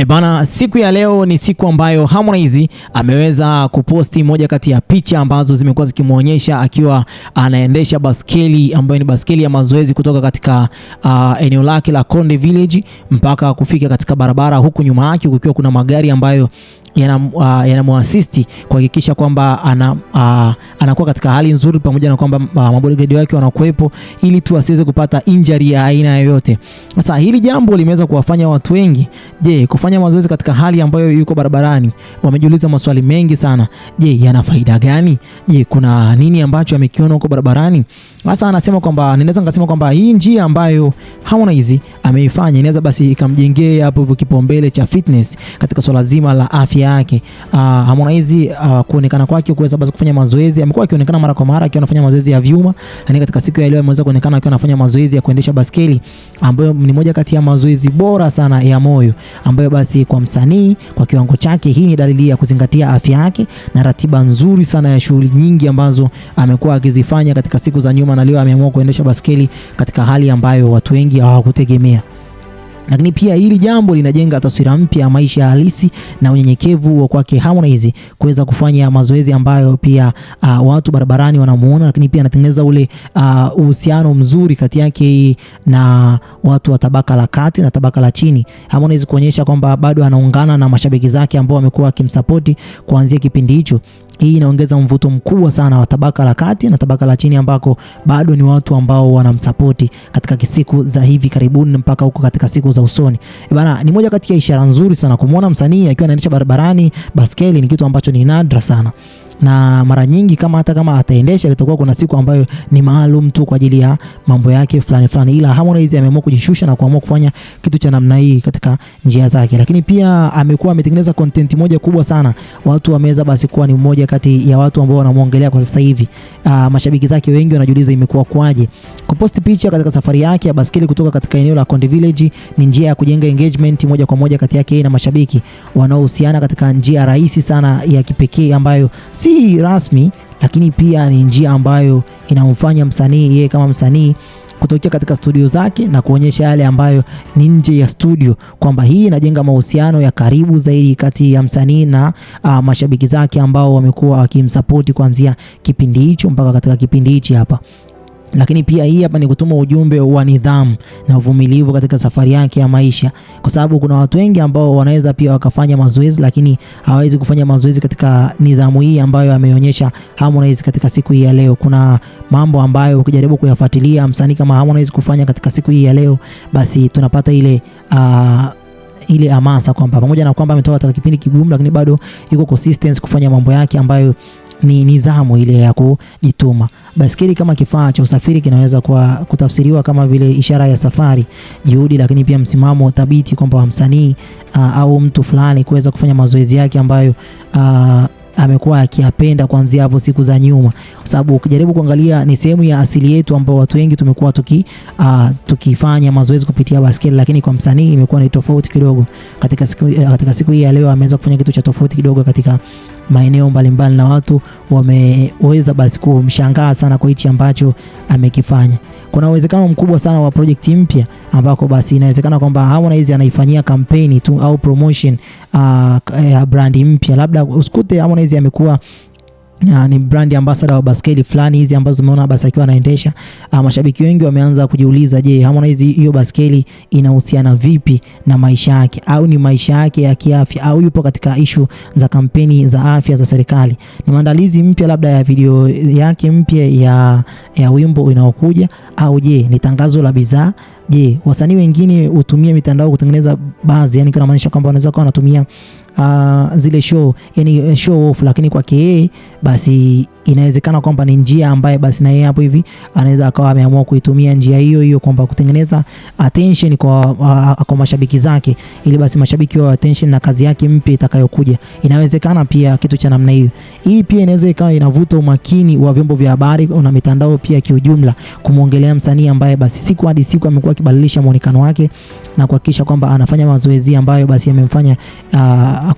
E bana, siku ya leo ni siku ambayo Harmonize ameweza kuposti moja kati ya picha ambazo zimekuwa zikimwonyesha akiwa anaendesha baskeli ambayo ni baskeli ya mazoezi kutoka katika uh, eneo lake la Konde Village mpaka kufika katika barabara, huku nyuma yake kukiwa kuna magari ambayo yanamwasisti yana uh, kuhakikisha kwamba ana, uh, anakuwa katika hali nzuri pamoja na kwamba uh, mabodigadi wake wanakuwepo ili tu asiweze kupata injury ya aina yoyote. Sasa hili jambo limeweza kuwafanya watu wengi, je, kufanya mazoezi katika hali ambayo yuko barabarani? Wamejiuliza maswali mengi sana. Je, yana faida gani? Je, kuna nini ambacho amekiona huko barabarani? Hasa anasema kwamba ninaweza nikasema kwamba hii njia ambayo Harmonize ameifanya inaweza basi ikamjengea hapo hivyo kipaumbele cha fitness katika swala zima la afya yake. Uh, Harmonize uh, kuonekana kwake kuweza basi kufanya mazoezi, amekuwa akionekana mara kwa mara akiwa anafanya mazoezi ya vyuma, na katika siku ya leo ameweza kuonekana akiwa anafanya mazoezi ya kuendesha baskeli ambayo ni moja kati ya mazoezi bora sana ya moyo, ambayo basi kwa msanii kwa kiwango chake, hii ni dalili ya kuzingatia afya yake na ratiba nzuri sana ya shughuli nyingi ambazo amekuwa akizifanya katika siku za nyuma. Manaliwa ameamua kuendesha baskeli katika hali ambayo watu wengi hawakutegemea lakini pia hili jambo linajenga taswira mpya ya maisha halisi na unyenyekevu wa kwake Harmonize kuweza kufanya mazoezi ambayo pia uh, watu barabarani wanamuona, lakini pia anatengeneza ule uh, uhusiano mzuri kati yake na watu wa tabaka la kati na tabaka la chini. Harmonize kuonyesha kwamba bado anaungana na mashabiki zake ambao wamekuwa wakimsapoti kuanzia kipindi hicho. Hii inaongeza mvuto mkubwa sana wa tabaka la kati na tabaka la chini ambako bado ni watu ambao wanamsapoti katika siku za hivi karibuni mpaka huko katika siku za za usoni. E bana, ni moja kati ya ishara nzuri sana kumwona msanii akiwa anaendesha barabarani baskeli, ni kitu ambacho ni nadra sana na mara nyingi kama hata kama ataendesha itakuwa kuna siku ambayo ni maalum tu kwa ajili ya mambo yake fulani fulani, ila Harmonize ameamua kujishusha na kuamua kufanya kitu cha namna hii katika njia zake, lakini pia amekuwa ametengeneza content moja kubwa sana, watu wameweza basi kuwa ni mmoja kati ya watu ambao wanamuongelea kwa sasa hivi. Uh, mashabiki zake wengi wanajiuliza imekuwa kwaje kupost picha katika safari yake ya baskeli kutoka katika eneo la Konde Village. Ni njia ya kujenga engagement moja kwa moja kati yake na mashabiki wanaohusiana katika njia rahisi sana ya kipekee ambayo si si rasmi, lakini pia ni njia ambayo inamfanya msanii yeye kama msanii kutokea katika studio zake na kuonyesha yale ambayo ni nje ya studio, kwamba hii inajenga mahusiano ya karibu zaidi kati ya msanii na uh, mashabiki zake ambao wamekuwa wakimsapoti kuanzia kipindi hicho mpaka katika kipindi hichi hapa lakini pia hii hapa ni kutuma ujumbe wa nidhamu na uvumilivu katika safari yake ya maisha, kwa sababu kuna watu wengi ambao wanaweza pia wakafanya mazoezi, lakini hawawezi kufanya mazoezi katika nidhamu hii ambayo ameonyesha Harmonize katika siku hii ya leo. Kuna mambo ambayo ukijaribu kuyafuatilia msanii kama Harmonize kufanya katika siku hii ya leo, basi tunapata ile uh, ile amasa kwamba pamoja na kwamba ametoka katika kipindi kigumu, lakini bado yuko consistent kufanya mambo yake ambayo ni nidhamu ile ya kujituma. Baskeli kama kifaa cha usafiri kinaweza kwa kutafsiriwa kama vile ishara ya safari, juhudi, lakini pia msimamo thabiti kwamba msanii uh, au mtu fulani kuweza kufanya mazoezi yake ambayo uh, amekuwa akiyapenda kuanzia hapo siku za nyuma, kwa sababu ukijaribu kuangalia ni sehemu ya asili yetu ambayo watu wengi tumekuwa tuki uh, tukifanya mazoezi kupitia baskeli, lakini kwa msanii imekuwa ni tofauti kidogo. Katika siku, uh, katika siku hii ya leo ameweza kufanya kitu cha tofauti kidogo katika maeneo mbalimbali na watu wameweza basi kumshangaa sana kwa hichi ambacho amekifanya. Kuna uwezekano mkubwa sana wa project mpya ambako basi inawezekana kwamba Harmonize anaifanyia kampeni tu au promotion uh, brand mpya, labda usikute Harmonize amekuwa Uh, ni brand ambassador wa baskeli fulani hizi ambazo umeona basi akiwa anaendesha. Ah, mashabiki wengi wameanza kujiuliza, je, Harmonize hiyo baskeli inahusiana vipi na maisha yake, au ni maisha yake ya kiafya, au yupo katika ishu za kampeni za afya za serikali? Ni maandalizi mpya labda ya video yake mpya ya, ya wimbo unaokuja, au je ni tangazo la bidhaa? Je, wasanii wengine hutumia mitandao kutengeneza baadhi, yani kuna maanisha kwamba wanaweza kuwa wanatumia uh, zile show yani eh, show off, lakini kwake yeye basi inawezekana kwamba ni njia ambaye basi na yeye hapo hivi anaweza akawa ameamua kuitumia njia hiyo hiyo kwamba kutengeneza attention kwa, uh, kwa mashabiki zake, ili basi mashabiki wa attention na kazi yake mpya itakayokuja. Inawezekana pia kitu cha namna hiyo. Hii pia inaweza ikawa inavuta umakini wa vyombo vya habari na mitandao pia kiujumla, kumwongelea msanii ambaye basi siku hadi siku amekuwa akibadilisha muonekano wake na kuhakikisha kwamba anafanya mazoezi ambayo basi yamemfanya uh,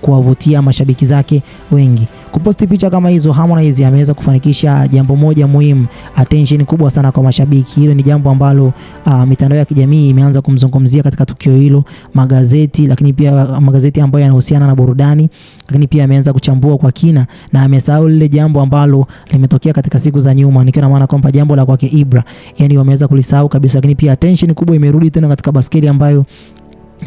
kuwavutia mashabiki zake wengi. Kuposti picha kama hizo, Harmonize ameweza kufanikisha jambo moja muhimu, attention kubwa sana kwa mashabiki. Hilo ni jambo ambalo uh, mitandao ya kijamii imeanza kumzungumzia katika tukio hilo, magazeti, lakini pia magazeti ambayo yanahusiana na burudani, lakini pia ameanza kuchambua kwa kina na amesahau lile jambo ambalo limetokea katika siku za nyuma, nikiwa na maana kwamba jambo la kwake Ibra, yani wameweza kulisahau kabisa, lakini pia attention kubwa imerudi tena katika basketi ambayo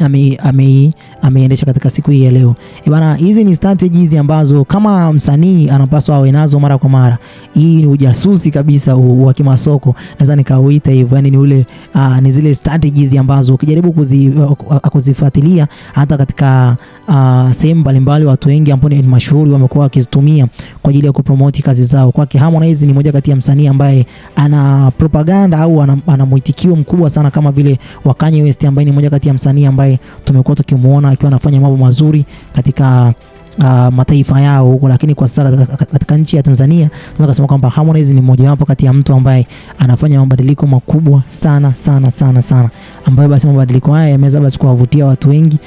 ameiendesha ame, ame katika siku hii ya leo. E bana, hizi ni strategies ambazo kama msanii anapaswa awe nazo mara kwa mara. Hii ni ujasusi kabisa wa kimasoko, naweza nikauita hivyo. Yani ni ule uh, ni zile strategies ambazo ukijaribu kuzi, uh, kuzifuatilia hata katika uh, sehemu mbalimbali, watu wengi ambao ni mashuhuri wamekuwa wakizitumia kwa ajili ya kupromote kazi zao. Kwake Harmonize ni moja kati ya msanii ambaye ana propaganda au ana, ana mwitikio mkubwa sana kama vile wa Kanye West ambaye ni moja kati ya msanii ambaye ambaye tumekuwa tukimuona akiwa anafanya mambo mazuri katika Uh, mataifa yao huko, lakini kwa sasa katika nchi ya Tanzania tunaweza kusema kwamba Harmonize ni wapo kati ya mtu ambaye anafanya mabadiliko makubwa sana sana sana sana, ambayo basi mabadiliko haya yameweza basi kuwavutia watu wengi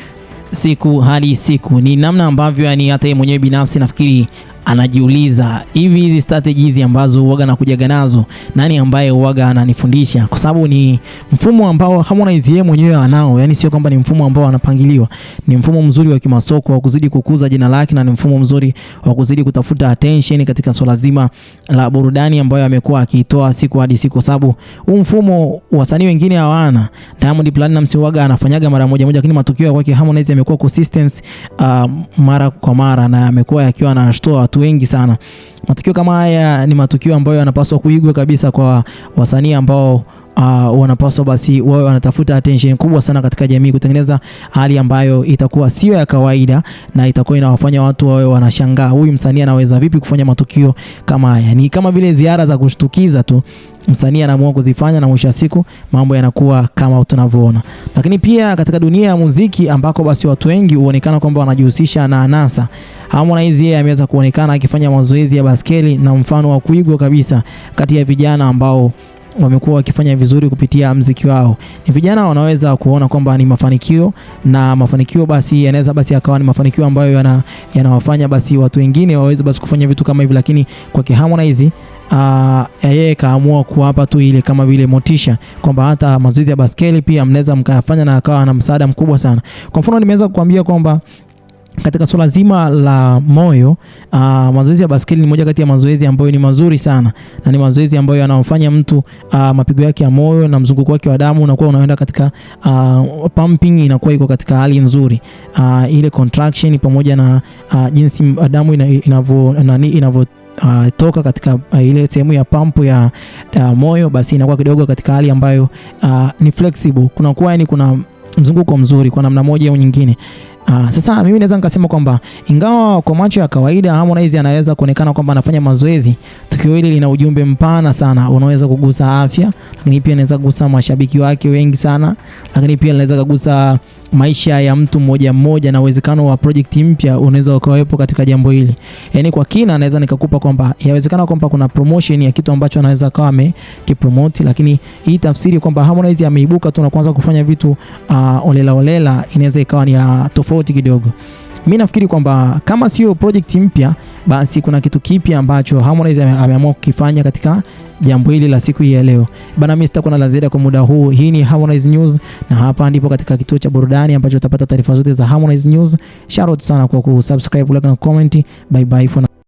siku hadi siku. Ni namna ambavyo yani hata yeye mwenyewe binafsi nafikiri anajiuliza hivi hizi strategies hizi ambazo uwaga nakujaga nazo, nani ambaye uwaga ananifundisha? Kwa sababu ni mfumo ambao Harmonize yeye mwenyewe anao, yani sio kwamba ni mfumo ambao anapangiliwa. Ni mfumo mzuri wa kimasoko wa kuzidi kukuza jina lake na ni mfumo mzuri wa kuzidi kutafuta attention katika swala zima la burudani ambayo amekuwa akiitoa siku hadi siku, sababu huu mfumo wasanii wengine hawana. Diamond Platnumz uwaga anafanyaga mara moja moja, lakini matukio yake Harmonize yamekuwa consistency uh, mara kwa mara na amekuwa yakiwa anashtoa watu watu wengi sana. Matukio kama haya ni matukio ambayo yanapaswa kuigwa kabisa kwa wasanii ambao uh, wanapaswa basi wawe wanatafuta attention kubwa sana katika jamii, kutengeneza hali ambayo itakuwa sio ya kawaida na itakuwa inawafanya watu wawe wanashangaa, huyu msanii anaweza vipi kufanya matukio kama haya? Ni kama vile ziara za kushtukiza tu msanii anaamua kuzifanya na mwisho wa siku mambo yanakuwa kama tunavyoona. Lakini pia katika dunia ya muziki ambako basi watu wengi huonekana kwamba wanajihusisha na anasa, Harmonize yeye ameweza kuonekana akifanya mazoezi ya baskeli na mfano wa kuigwa kabisa kati ya vijana ambao wamekuwa wakifanya vizuri kupitia mziki wao. Ni vijana wanaweza kuona kwamba ni mafanikio na mafanikio basi yanaweza basi akawa ni mafanikio ambayo yana yanawafanya basi watu wengine waweze basi kufanya vitu kama hivi, lakini kwake Harmonize ah, yeye uh, kaamua kuwapa tu ile kama vile motisha kwamba hata mazoezi ya baskeli pia mnaweza mkayafanya, na akawa na msaada mkubwa sana. Kwa mfano nimeweza kukuambia kwamba katika swala zima la moyo uh, mazoezi ya baskeli ni moja kati ya mazoezi ambayo ni mazuri sana na ni mazoezi ambayo yanamfanya mtu uh, mapigo yake ya moyo na mzunguko wake wa damu unakuwa unaenda katika uh, pumping inakuwa iko katika hali nzuri uh, ile contraction pamoja na uh, jinsi damu inavyo nani inavyo Uh, toka katika uh, ile sehemu ya pampu ya uh, moyo basi inakuwa kidogo katika hali ambayo uh, ni flexible, kunakuwa yani kuna mzunguko mzuri kwa namna moja au nyingine. Aa, ah, sasa mimi naweza nikasema kwamba ingawa kwa macho ya kawaida Harmonize anaweza kuonekana kwamba anafanya mazoezi, Tukio hili lina ujumbe mpana sana, unaweza kugusa afya, lakini pia inaweza kugusa mashabiki wake wengi sana, lakini pia inaweza kugusa maisha ya mtu mmoja mmoja, na uwezekano wa project mpya unaweza ukawepo katika jambo hili. Yaani kwa kina naweza nikakupa kwamba yawezekana kwamba kuna promotion ya kitu ambacho anaweza kawa amekipromote, lakini hii tafsiri kwamba Harmonize ameibuka tu na kuanza kufanya vitu uh, olela olela inaweza ikawa ni ah, tofauti kidogo. Mimi nafikiri kwamba kama sio project mpya basi kuna kitu kipya ambacho Harmonize ameamua kukifanya katika jambo hili la siku hii ya leo bana. Mimi sitakuwa na la ziada kwa muda huu. Hii ni Harmonize News, na hapa ndipo katika kituo cha burudani ambacho utapata taarifa zote za Harmonize News. Shout out sana kwa kusubscribe, like na comment. Bye bye for now.